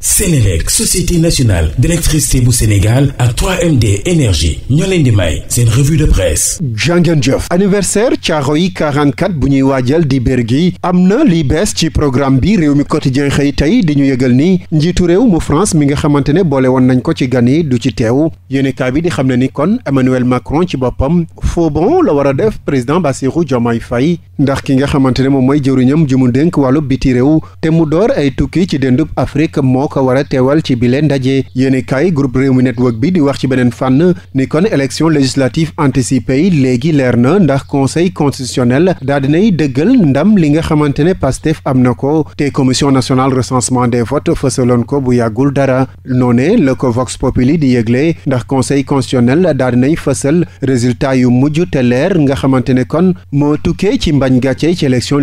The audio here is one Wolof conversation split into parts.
Sénélec société nationale d'électricité bu Sénégal ak 3MD énergie ñoo leen di may seen de presse jàngeen jëf anniversaire Thiaroye 44 bu ñuy waajal di bér gi am na liy bees ci programme bi réew mi quotidien xëy tey di ñu yëgal ni njiitu réew mu France mi nga xamante ne boole woon nañ ko ci gan yi du ci teew yéenekaay bi di xam ne ni kon Emmanuel Macron ci boppam faux bond la war a def président Bassirou jommay fay ndax ki nga xamante ne moom mooy jëruñam ju mu dénk wàllu biti réew te mu door ay tukki ci dendub Afrique moo ñoo ko war a teewal ci bi leen ndaje yéene kaay groupe Rewmi Network bi di wax ci beneen fànn ni kon élection législative anticipée yi léegi leer na ndax conseil constitutionnel daa dëggal ndam li nga xamante ne Pastef am na ko te commission nationale recensement des votes fësaloon ko bu yàggul dara noonee la ko Vox Populi di yëgle ndax conseil constitutionnel daa dinay fësal résultat yu mujj te leer nga xamante ne kon moo tukkee ci mbañ gàcce ci élection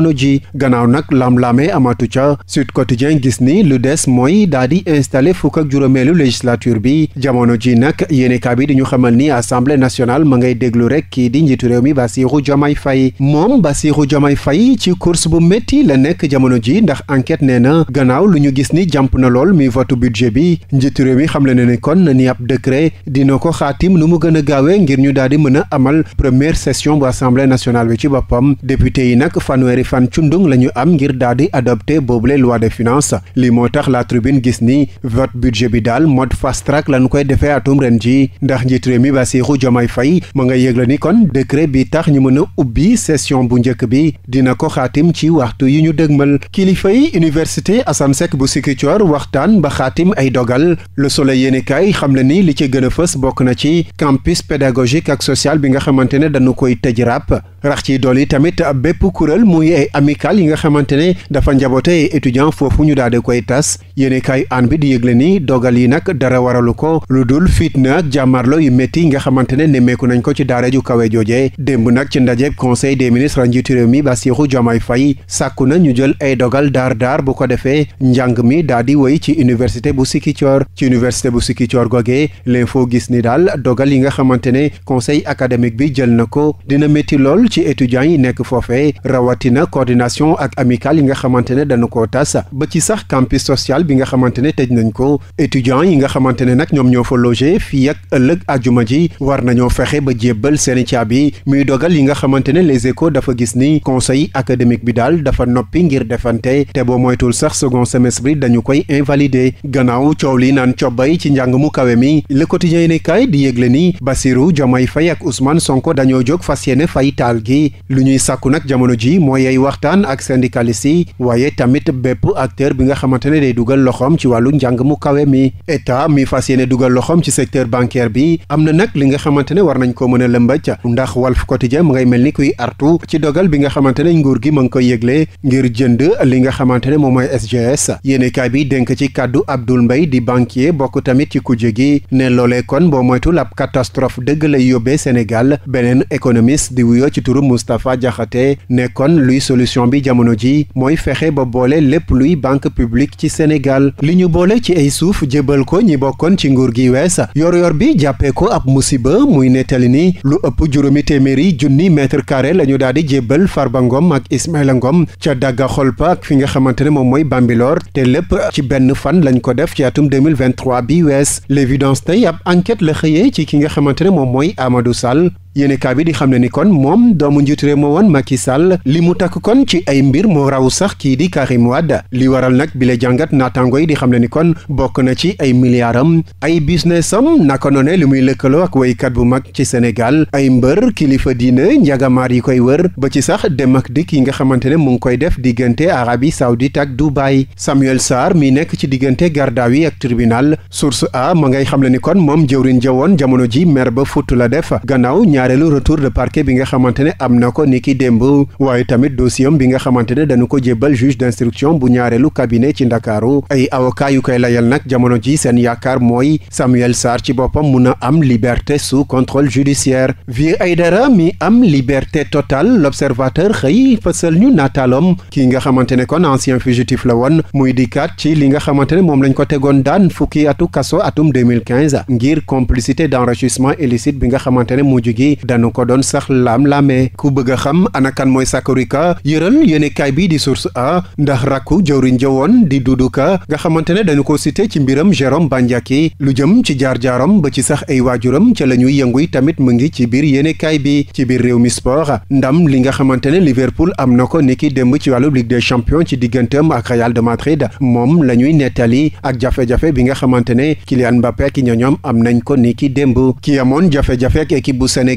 jamono ji gannaaw nag lam-laamee amatu ca Sud Quotidien gis ni lu des mooy daa di installé fukk ak juróomeelu législature bi jamono ji nag yéenekaay bi di ñu xamal ni assemblée nationale ma ngay déglu rek kii di njiitu réew mi Bassirou Diomaye fay moom Bassirou Diomaye fay ci course bu métti la nekk jamono ji ndax enquête nee na gannaaw lu ñu gis ni jàmp na lool mi votu budget bi njiitu réew mi xamle na ni kon na ni ab décret dina ko xaatim nu mu gën a gaawee ngir ñu daal di mën a amal première session bu assemblée nationale bi ci boppam fan cundung la ñu am ngir daal di adopté boobule loi de finance lii moo tax la tribune gis ni vote budget bi daal mode fast track lañu koy defee atum ren ji ndax njiit réew mi Bassirou Diomaye Faye ma nga yëgle ni kon décret bi tax ñu mën a ubbi session bu njëkk bi dina ko xaatim ci waxtu yi ñu dëgmal kilifa yi université Assane Seck bu Ziguinchor waxtaan ba xaatim ay dogal Le Soleil yéenekaay xam na ni li ci gën a fës bokk na ci campus pédagogique ak social bi nga xamante ne dañu koy tëj ràpp et amicale yi nga xamante ne dafa njaboote étudiant foofu ñu daal di koy tas yéene kaay aan bi di yëgle ni dogal yi nag dara waralu ko lu dul fitna ak jàmmarlo yu métti yi nga xamante ne nemmeeku nañ ko ci daara ju kawe jooje démb nag ci ndajeeb conseil des ministres njiitu réew mi Bassirou Diomaye Faye sàkku na ñu jël ay dogal daar daar bu ko defee njàng mi daal di wéy ci université bu Sikicoor ci université bu Sikicoor goge foo gis ni daal dogal yi nga xamante ne conseil académique bi jël na ko dina métti lool ci étudiants yi nekk foofee coordination ak amicale yi nga xamante ne dana koo tas ba ci sax campus social bi nga xamante ne tëj nañ ko étudiants yi nga xamante ne nag ñoom ñoo fa logé fii ak ëllëg ajuma ji war nañoo fexe ba jébbal seeni caabi muy dogal yi nga xamante ne les échos dafa gis ni conseil académique bi daal dafa noppi ngir defante te boo moytul sax second semestre bi dañu koy invalider gannaaw coow li naan cobbay ci njàng mu kawe mi le quotidien ne kaay di yëgle ni Bassirou Diomaye Faye ak Ousmane Sonko dañoo jóg fas yéene fay gi waxtaan ak syndicaliste yi waaye tamit bépp acteur bi nga xamante ne day dugal loxoom ci wàllu njàng mu kawe mi état mi fas yéene dugal loxoom ci secteur bancaire bi am na nag li nga xamante ne war nañ ko mën a lëmbaj ndax Walf Quotidien mu ngay mel ni kuy artu ci dogal bi nga xamante ne nguur gi ma ngi koy yëgle ngir jënd li nga xamante ne moom mooy SGS yéenekaay bi dénk ci kàddu Abdoul mbay di banquier bokk tamit ci kujje gi ne loole kon boo moytul ab catastrophe dëgg lay yóbbee Sénégal beneen économiste di wuyoo ci turu Moustapha Diakhaté solution bi jamono ji mooy fexe ba boole lépp luy banque publique ci Sénégal li ñu boole ci ay suuf jébal ko ñi bokkoon ci nguur gi wees yor-yor bi jàppee ko ab musiba muy nettali ni lu ëpp juróomi téeméeri junni mètre carré la ñu daal di jébbal Farba Ngom ak Ismaïla Ngom ca dagga xolpa ak fi nga xamante ne moom mooy Bambilor te lépp ci benn fan lañ ko def ci atum 2023 bi wees l'évidence tey ab enquête la xëyee ci ki nga xamante ne moom mooy Amadou Sall yéenekaay bi di xam ne ni kon moom doomu njiitu réew ma woon Macky Sall li mu takk kon ci ay mbir moo raw sax kii di mu Wade li waral nag bi la jàngat naataango yi di xam ne ni kon bokk na ci ay milliardam ay business am naka noone li muy lëkkaloo ak woykat bu mag ci senegal ay mbër kilifa diine njagamaar yi koy wër ba ci sax dem ak dikk yi nga xamante ne mu ngi koy def diggante Arabie Saoudite ak bàyyi Samuel Sarr mi nekk ci diggante Gardawi ak tribunal source a ma ngay xam ne ni kon moom jëwrin jawoon jamono ji mer ba futt la def gannaaw ñaareelu retour de parquet bi nga xamante ne bu ñaareelu cabinet ci ndakaaru ay avocat yu koy layal nag jamono ji seen yaakaar mooy Samuel Sarr ci boppam mun a am liberté sous contrôle mi am liberté totale l'observateur xëy fësal ñu nataalom kii nga xamante ne kon ancien fugitif la woon muy dikkaat ci li nga xamante ne moom lañ ko tegoon daan fukki atu kaso atum 2015 ngir complicité d'enrichissement illicite bi nga xamante ne mujj yi dañu ko doon sax laam-laamee ku bëgg a xam anakan mooy Sakori Ka yëral yéenekaay bi di source a ndax rakku jëwriñ jëwoon di Doudou nga xamante ne dañu ko cité ci mbiram Jérôme Bandiaki lu jëm ci jaar-jaaram ba ci sax ay waajuram ca la ñuy yënguy tamit mu ngi ci biir yéenekaay bi ci biir réew mi sport ndam li nga xamante ne Liverpool am na ko niki démb ci wàllu Ligue des champions ci digganteem ak Real de Madrid moom la ñuy nettali ak jafe-jafe bi nga xamante ne Kylian Mbappé ki ñoñoom am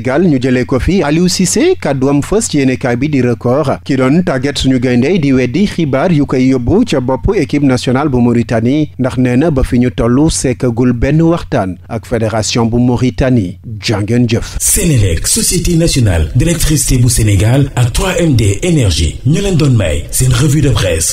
Sénégal ñu jëlee ko fi Aliou Cissé kàddu am fës ci yéenekaay bi di record ki doon tàgget suñu gayndey di weddi xibaar yu koy yóbbu ca bopp équipe nationale bu Mauritanie ndax nee na ba fi ñu toll sekkagul benn waxtaan ak fédération bu Mauritanie jàngeen jëf. Sénélec société nationale d'électricité bu Sénégal ak 3MD énergie ñu leen doon may seen revue de presse.